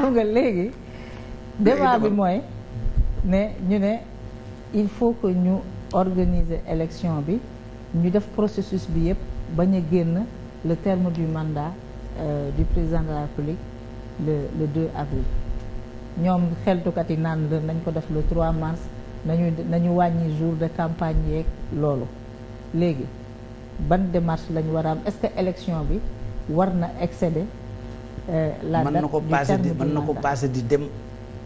xam nga léegi débat bi mooy ne ñu ne il faut que ñu organiser élection bi ñu def processus bi yëpp ba a génn le terme du mandat euh, du président de la République le le 2 avril ñoom xeltukat yi naan la nañ ko def le trois mars nañu nañu wàññi jour de campagne yeeg loolu léegi ban démarche lañ war a am est-ce que élection bi war na excéder Euh, la date mën na ko passé di dem.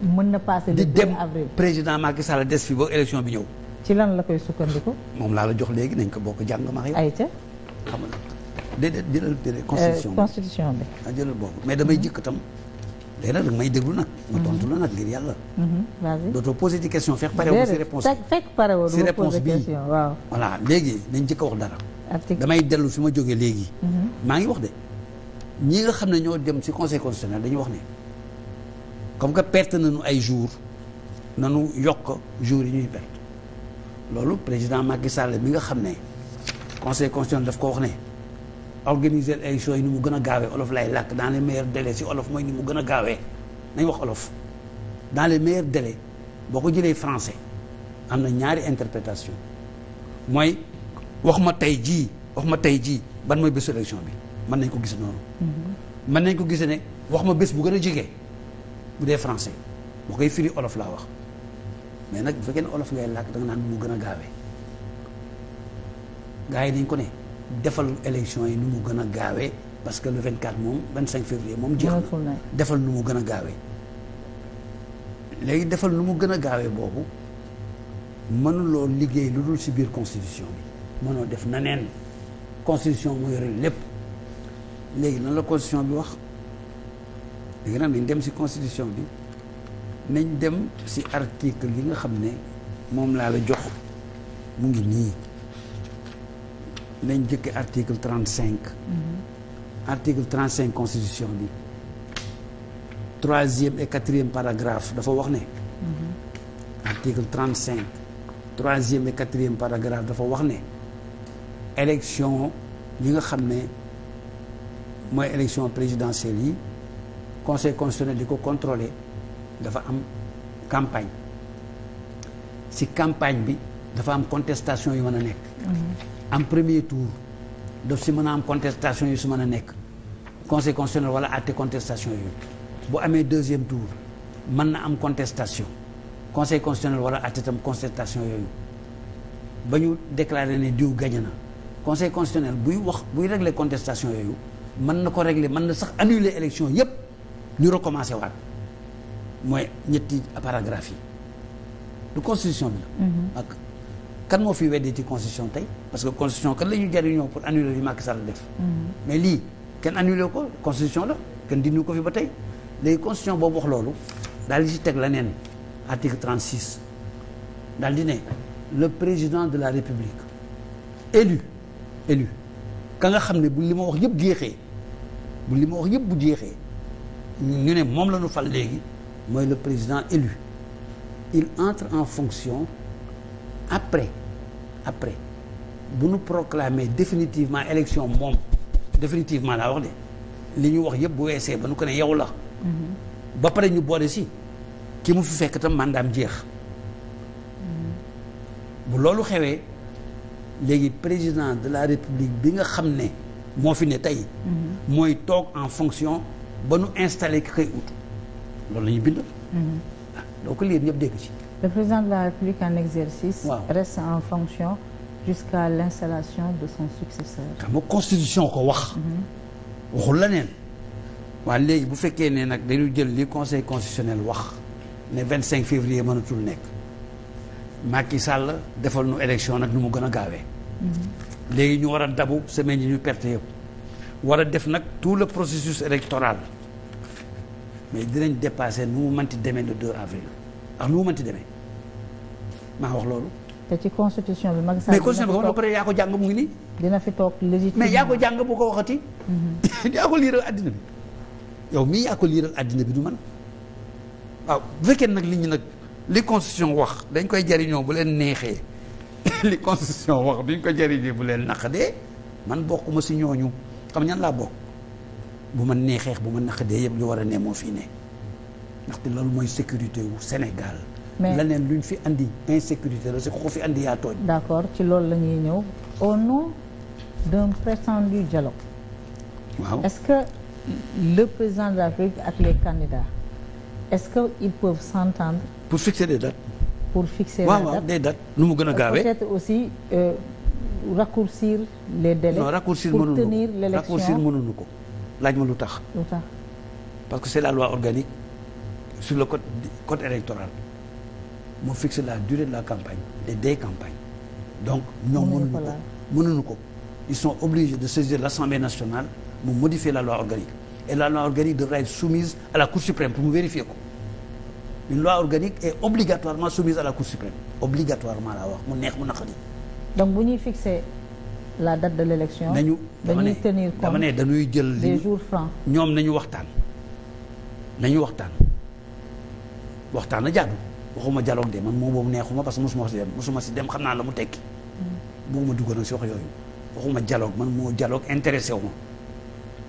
mën na passé di dem avril président Macky Sall des fi ba élection bi ñëw. ci lan la koy sukkandiku. moom laa la jox léegi nañ ko bokk jàng ma yow. ayca xam nga déedéet jëlal déedéet euh, constitution bi constitution bi. ah jëlal boobu mais damay jëkk tam. léegi nag may déglu nag. ma mhm. tontu la nag ngir yàlla. Mhm, dootoo posé di question fekk pare wu si réponse bi waaw. voilà léegi nañ jëkk a wax dara. damay dellu fi ma jógee léegi. Mhm. maa ngi wax de. ñi nga xam ne ñoo dem ci conseil constitutionnel dañu wax ne comme que perte na nañu ay jours nañu yokk jour yi ñuy perte loolu président Macky Sall bi nga xam ne conseil constitutionnel daf ko wax ne organiser élection yi ni mu gën a gaawee olof laay làkk dans les meilleurs délais ci olof mooy ni mu gën a gaawee nañ wax olof dans les meilleurs délais boo ko jëlee français am na ñaari interprétation mooy wax ma tey jii wax ma tey jii ban mooy bésu élection bi mën nañ ko gis noonu. mën nañ ko gisee ne wax ma bés bu gën a jege bu dee français boo koy firi olof laa wax mais nag bu fekkee ne olof ngay làkk da nga naan mu gën a gaawee gars dañ ko ne defal élection yi nu mu gën a gaawee parce que le 24 moom 25 février moom. jeex na defal nu mu gën a gaawee. léegi defal nu mu gën a gaawee boobu mënuloo liggéey lu dul si biir constitution bi mënoo def na neen constitution moo yore lépp. léegi na la constitution bi wax léegi nag dem ci constitution bi nañ dem ci article yi nga xam ne moom laa la jox mu ngi nii nañ jëkke article trente cinq mm-hmm. article trente cinq constitution bi troisième et quatrième paragraphe dafa wax ne mm-hmm. article trent cinq troisième et quatrième paragraphe dafa wax ne élection yi nga xam ne mooy élection présidentielle yi conseil constitutionnel di ko contrôler dafa am campagne si campagne bi dafa am contestation yu man a nekk. Mm-hmm. am premier tour daf si mën a am contestation yu si mën a nekk conseil constitutionnel wala àtte contestation yu bu amee deuxième tour mën na am contestation conseil constitutionnel wala àtte tam contestation yooyu ba ñu déclarer ne diw gañe na conseil constitutionnel buy wax buy régler contestation yooyu. mën na ko régler mën na sax annuler élection yépp ñu recommencer waat mooy ñetti paragraphe yi du constitution bi la mm-hmm. ak kan moo fi weddee ci constitution tey parce que constitution kan la ñu jariñoo pour annuler li Macky Sall def mm-hmm. mais lii kenn annulé ko constitution la kenn dindi ko fi ba tey léegi constitution boobu wax loolu daal di si teg la neen article 36 daal di ne le président de la république élu élu ka nga xam ne bu li ma wax yëpp jeexee bu li ma wax yëpp bu jeexee ñu ne moom la ñu fal léegi mooy le président élu il entre en fonction après après bu nu proclamer définitivement élection moom définitivement laa wax de li ñu wax yëpp bu weesee ba nu ko ne yow la mm-hmm. ba pare ñu boole si ki mu fi fekk tam mandaam jeex mm-hmm. bu loolu xewee léegi président de la république bi nga xam ne moo fi ne tey. Mm-hmm. mooy toog en fonction ba nu installé ki koy ut loolu la ñu bind. Mm-hmm. donc lii ñëpp dégg ci. le président de la République en exercice. waaw en fonction jusqu'à l'installation de son successeur. xam constitution ko wax. Mm-hmm. waxul la neen waa léegi bu fekkee ne nag dañu jël li conseil constitutionnel wax ne 25 février mënatul nekk Macky Sall defal nu élection nag nu mu gën a gaawee. léegi ñu war a dabu semaine yi ñu perte yëpp war a def nag tout le processus électoral mais dinañ dépasser nu mu mënti demee le 2 avril ak nu mu mënti demee maa wax loolu. te ci constitution bi Macky Sall mais constitution bi pare yaa ko jàng mu ngi nii. dina fi toog légitimement mais yaa ko jàng bu ko waxati. Mhm. yaa ko liiral àddina bi. yow mii yaa ko liiral àddina bi du man waaw bu fekkee nag li ñu nag li constitution wax dañ koy jariñoo bu leen neexee. li constitution wax duñ ko jëriñee bu leen naqadee man bokkuma si ñooñu xam ñan laa bokk bu ma nee xeex bu ma naqadee yëpp ñu war a ne moo fii ne ndaxte loolu mooy sécurité wu Sénégal. mais leneen luñ fi indi insécurité la si ko fi andi yaa tooñ. d'accord ci loolu la ñuy ñëw au nom d'un prétendu dialogue. waaw est-ce que le président de ak les candidats est-ce que il peuvent s'entendre. pour fixer des dates. pour fixer waaw, la des dates nu mu gën a gaawee peut aussi euh, raccourcir les délais. non raccourcir mënuñu ko pour tenir l'élection raccourcir mënuñu ko laaj ma lu tax. lu parce que c'est la loi organique sur le code code électoral moo fixe la durée de la campagne des deux campagnes donc ñoom mënuñu ko mënuñu ko ils sont obligés de saisir l'Assemblée nationale mu modifier la loi organique et la loi organique devra être soumise à la Cour suprême pour mu vérifier ko. une loi organique est obligatoirement soumise à la Cour suprême obligatoirement laa wax mu neex mu naqari. donc bu ñuy fixer la date de l'élection nañu dañuy tenir compte dama ne dañuy jël des jours francs ñoom nañu waxtaan nañu waxtaan waxtaan a jaadu waxuma dialogue de man moom boobu neexuma parce que mosuma si dem mosuma si dem xam naa la mu tekki mm. bugguma dugg nag si wax yooyu waxuma dialogue man moo dialogue intéressé wu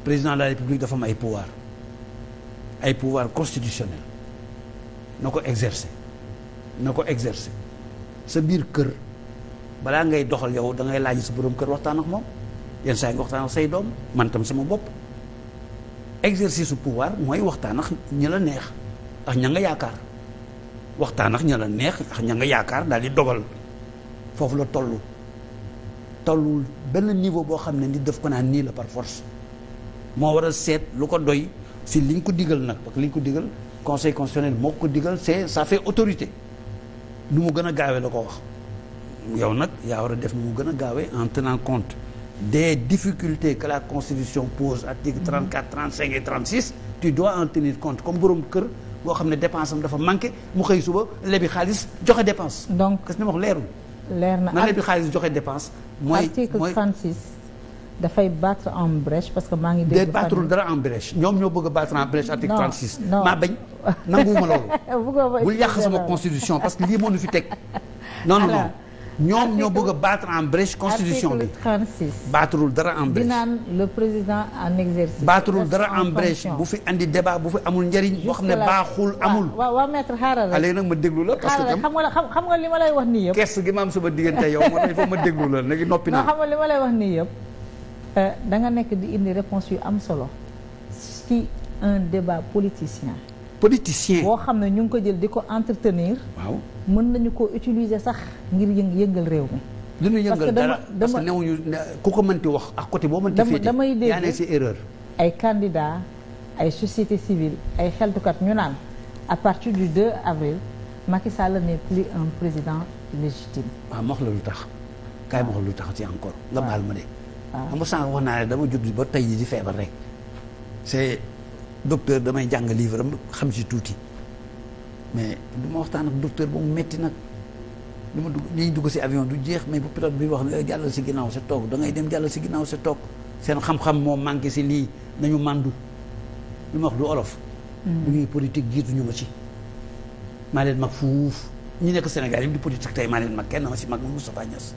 président de la république dafa ma ay pouvoir ay pouvoir constitutionnel na ko exerce na ko exercer sa biir kër balaa ngay doxal yow da ngay laaj si borom kër waxtaan ak moom yenn saa yi waxtaan ak say doom man tam sama bopp exercice su pouvoir mooy waxtaan ak ñi la neex ak ña nga yaakaar waxtaan ak ña la neex ak ña nga yaakaar daal di dogal foofu la toll tollul benn niveau boo xam ne ni daf ko naan nii la par force moo war a seet lu ko doy si liñ ko digal nag parce liñ ko digal conseil constitutionnel moo ko digal c'est ça fait autorité nu mu gën a gaawee la ko wax yow nag yaa war a def nu mu gën a gaawee en tenant compte des difficultés que la constitution pose article 34 35 et 36 tu dois en tenir compte comme borom kër boo xam ne dépense am dafa manqué mu xëy suba bi xaalis joxe dépense. donc parce que ni ma wax leerul. leer na na lebi xaalis joxe dépense. mooy mooy dafay battre en brèche parce que maa ngi. dégg battre dara en brèche ñoom ñoo bëgg a battre en brèche article 36. non maa bañ nanguwuma loolu. bul yàq sama constitution parce que lii moo nu fi teg non ñoo bëgg a battre en brèche constitution bi article dara en brèche dinaan le président en exercice. dara en brèche bu fi andi bu fi amul njëriñ. boo xam ne baaxul amul. waaw waaw maître ah, nag ma déglu la. parce que xam nga xam nga li ma lay wax nii yëpp. kees gi ma am sama diggante yow moo tax il ma déglu la léegi noppi naa. xam nga li ma lay wax nii yëpp. Euh, da nga nekk di indi réponse yu am solo si un débat politicien politicien boo xam ne ñu ngi ko jël di ko entretenir waaw mën nañu ko utiliser sax ngir yëng yëngal réew mi du ñu yëngal dara parce que newuñu ku ko mënti wax ak côté boo mënti féete damay dégg yaa ne si erreur ay candidats ay société civile ay xeltukat ñu naan à partir du 2 avril Macky Sall ne plus un président légitime waaw ma wax lu tax kaay ma wax lu tax ci encore nga baal ma de xam nga sànq wax naa ne dama judd ba tey ji di feebar rek c'est docteur damay jàng livre xam si tuuti mais du ma waxtaan ak docteur ba mu metti nag lu ma dugg li dugg si avion du jeex mais bu pilote bi wax ne eh, jàllal si ginnaaw sa toog da dem jàllal si ginnaaw sa toog seen xam moo manqué si lii nañu màndu li ma wax du olof lu hmm. ñuy politique jiituñu ma ci maa leen mag fuuf ñi nekk Sénégal yi di politique tey maa leen mag kenn ma si mag mu Moustapha Niass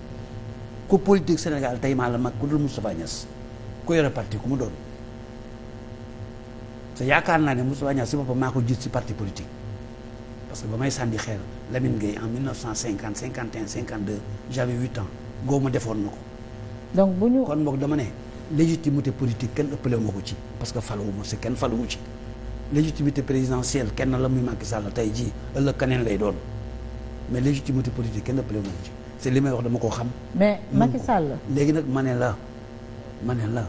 ku politique Sénégal tey maa la mag ku dul Moustapha Niass ku yore parti ku mu doon te yaakaar naa ne Moustapha Niass si boppam maa ko jiit si parti politique parce que ba may sànni xeer Lamine Gueye en 1950 51 52 j'avais huit ans góob ma defoon na ko. donc bu ñu kon boog dama ne légitimité politique kenn ëppale wu ma ko ci parce que faluwu ma si kenn faluwu ci légitimité présidentielle kenn la muy Macky Sall tey jii ëllëg keneen lay doon mais légitimité politique kenn ëppale wu ma ko ci. te li may wax dama ko xam. mais Macky Sall. léegi nag ma ne la ma la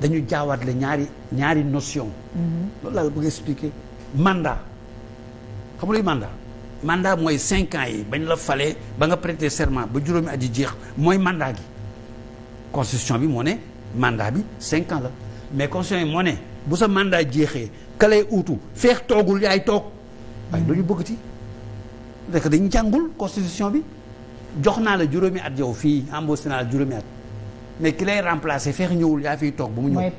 dañu jaawaatle ñaari ñaari notion. Mhm. loolu laa la bëgg expliquer mandat xam luy mandat. mandat mooy cinq ans yi bañ la falee ba nga prêter serment ba juróomi at yi jeex mooy mandat gi constitution bi moo ne mandat bi cinq ans la mais constitution yi moo ne bu sa mandat jeexee ka lay uutu feex toogul yaay toog waaye dañu mhm. bëgg ci. rek dañ jàngul constitution bi jox naa la juróomi at yow fii embauché naa la juróomi at mais ki lay remplacer feex ñëwul yaa fiy toog bu mu ñëw.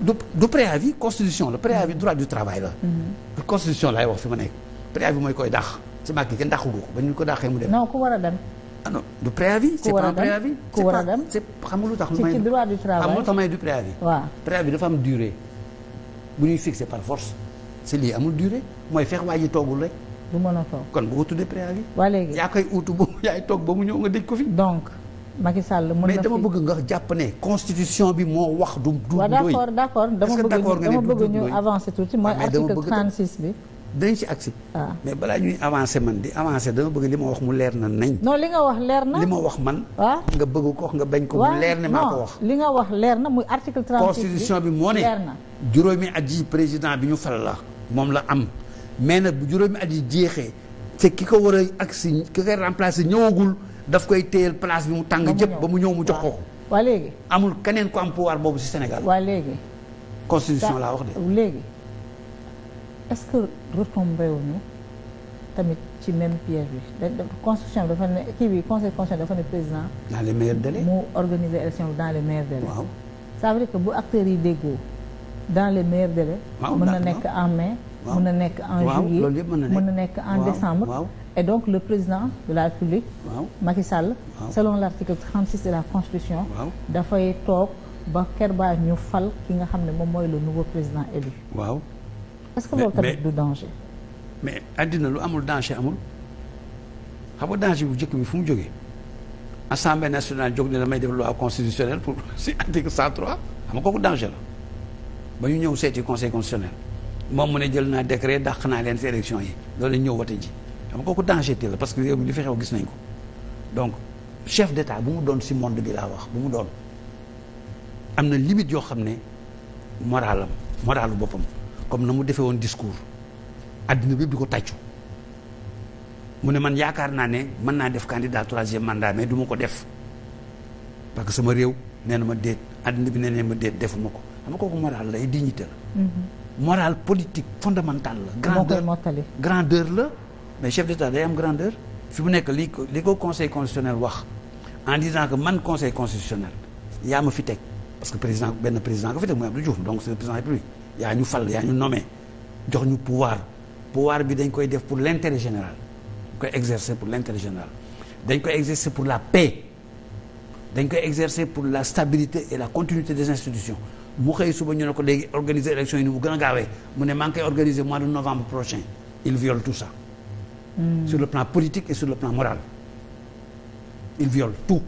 du du préavis constitution la préavis mm. droit du travail la. Mm-hmm. constitution laay wax fi ma nekk préavis mooy koy dàq ci Macky kenn dàqu ko ba ñu ko dàqee mu dem. non ku war a dem. ah non du préavis. ku war a dem ku a c'est xam lu tax. ci ci droit du travail xam nga lu dafa am durée bu ñuy fixé par force c'est lii amul durée mooy feex waa ji toogul du mën a toog kon bu ko tuddee préavis. waa léegi yaa koy uutu boobu yaay toog ba mu ñëw nga dëj ko fi. donc Macky Sall mën na mais dama bëgg nga jàpp ne constitution bi moo wax du. du doy d'accord d'accord dama bëgg dama bëgg ñu avancer tuuti mooy ah, article 36 bi. dañ ci agsi ah. mais balaa ñuy avancer man di avancer dama bëgg li ma wax mu leer na nañ. non li nga wax leer na li ma wax man. waaw ah. nga bëgg ko wax nga bañ ko. mu leer ne maa ko wax li nga wax leer na mu article 36 bi constitution bi moo ne. juróomi at yi président bi ñu fal la moom la am mais nag bu juróomi at yi jeexee te ki ko war a agsi ki koy remplacer ñëwagul daf koy téyel place bi mu tàng jëpp ba mu ñëw mu jox ko ko waa léegi amul keneen ku am pouvoir boobu ci Sénégal waa léegi constitution laa wax de léegi est-ce que retombé wuñu tamit ci même piège bi dafa ne kii bi conseil constitutionnel dafa ne président dans les meilleurs délais mu organiser élection dans les meilleurs délais waaw ça veut que bu acteurs yi déggoo dans le meilleurs délais mën na nekk en mai mën na nekk en juillet mën na nekk en décembre et donc le président de la République Macky Sall selon l'article 36 de la Constitution dafay toog ba ker baa ñu fal ki nga xam ne moom mooy le nouveau président élu waaw est-ce que loolu mais addina lu amul danger amul xam nga danger bu njëkk bi fu mu jógee assemblée nationale jóg ne damay def loi constitutionnelle pour si article 103 xam nga kooku danger la ba ñu ñëw seeti conseil constitutionnel moom mu ne jël naa décret dàq naa leen si élection yi loolu ñëw wote ji xam nga kooku danger la parce que réew mi li fi xew gis nañ ko donc chef d'état bu mu doon si monde bi laa wax bu mu doon am na limite yoo xam ne moralam moralu boppam comme na mu defee woon discours àddina bi di ko tàccu mu ne man yaakaar naa ne mën naa def candidat troisième mandat mais duma ko def parce que sama réew nee na ma déet àddina bi nee na ma déet defuma ko xam nga kooku moral morale politique fondamentale la. grandeur grandeur la mais chef d'état day am grandeur. fi mu nekk li ko li ko conseil constitutionnel wax en disant que man conseil constitutionnel yaa ma fi teg parce que président benn président ko fi teg mooy Abdou Diouf donc c'est le président de la République yaa ñu fal yaa ñu nommé jox ñu pouvoir pouvoir bi dañ koy def pour l'intérêt général dañ koy exercer pour l'intérêt général dañ koy exercer pour la paix dañ koy exercer pour la stabilité et la continuité des institutions mu xëy suba ñu ne ko léegi organiser élection yi bu mu gën a gaawee mu ne maa ngi koy organiser mois de novembre prochain il viole tout ça. Hmm. sur le plan politique et sur le plan moral. il viole tout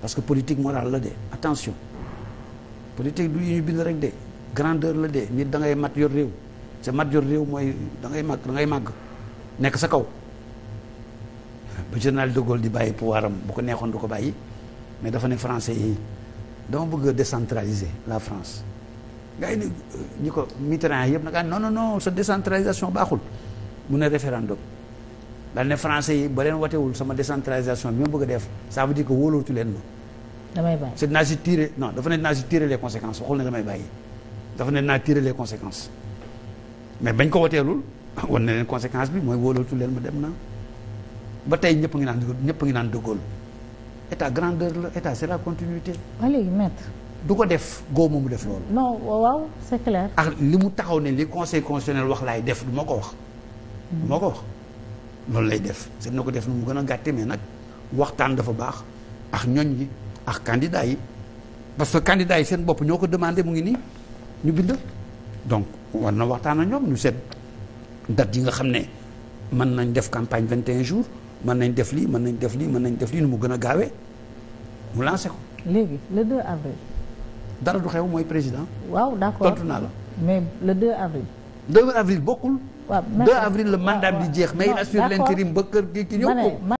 parce que politique morale la de attention politique du ñu bind rek de grandeur la de nit da ngay mat yor réew sa mat yor réew mooy da ngay màgg da ngay màgg nekk sa kaw. ba général de Gaulle di bàyyi pouvoir am bu ko neexoon du ko bàyyi mais dafa ne français yi. dama bëgg a décentraliser la France nga indi euh, ñi ko Mitterrand yëpp nag ah, non non non sa décentralisation baaxul mu ne référendum daal ne français yi ba leen watewul sama décentralisation bi ma bëgg def ça veut ko que wóolootu leen ma. damay bàyyi c'est dinaa si dafa ne dinaa si tirer les conséquences waxul ne damay bàyyi dafa ne dinaa les conséquences mais bañ ko wateelul wan ne leen conséquence bi mooy wóolootu leen ma dem na ba tey ñëpp ngi naan ñëpp ngi naan De état grandeur la état c'est la continuité. du ko def góob mu def loolu. non waaw c'est clair. ak li mu taxaw ne li conseil constitutionnel wax laay def du ma ko wax. du ma ko wax loolu lay def. seen na ko def nu mu gën a gàtte mais nag waxtaan dafa baax ak ñoñ yi ak candidat yi parce que candidat yi seen bopp ñoo ko demandé mu ngi nii ñu bind. donc war na waxtaan ak ñoom ñu seet date yi nga xam ne mën nañ def campagne 21 jours. mën nañ def lii mën nañ def lii mën nañ def lii nu mu gën a gaawee mu lancé ko. léegi le 2 avril. dara du xew mooy président. waaw d'accord tontu naa la. mais le 2 avril. 2 avril bokkul. waaw 2 avril le mandat bi jeex. mais il assure l'intérim ba kër gi ki ñëw ko.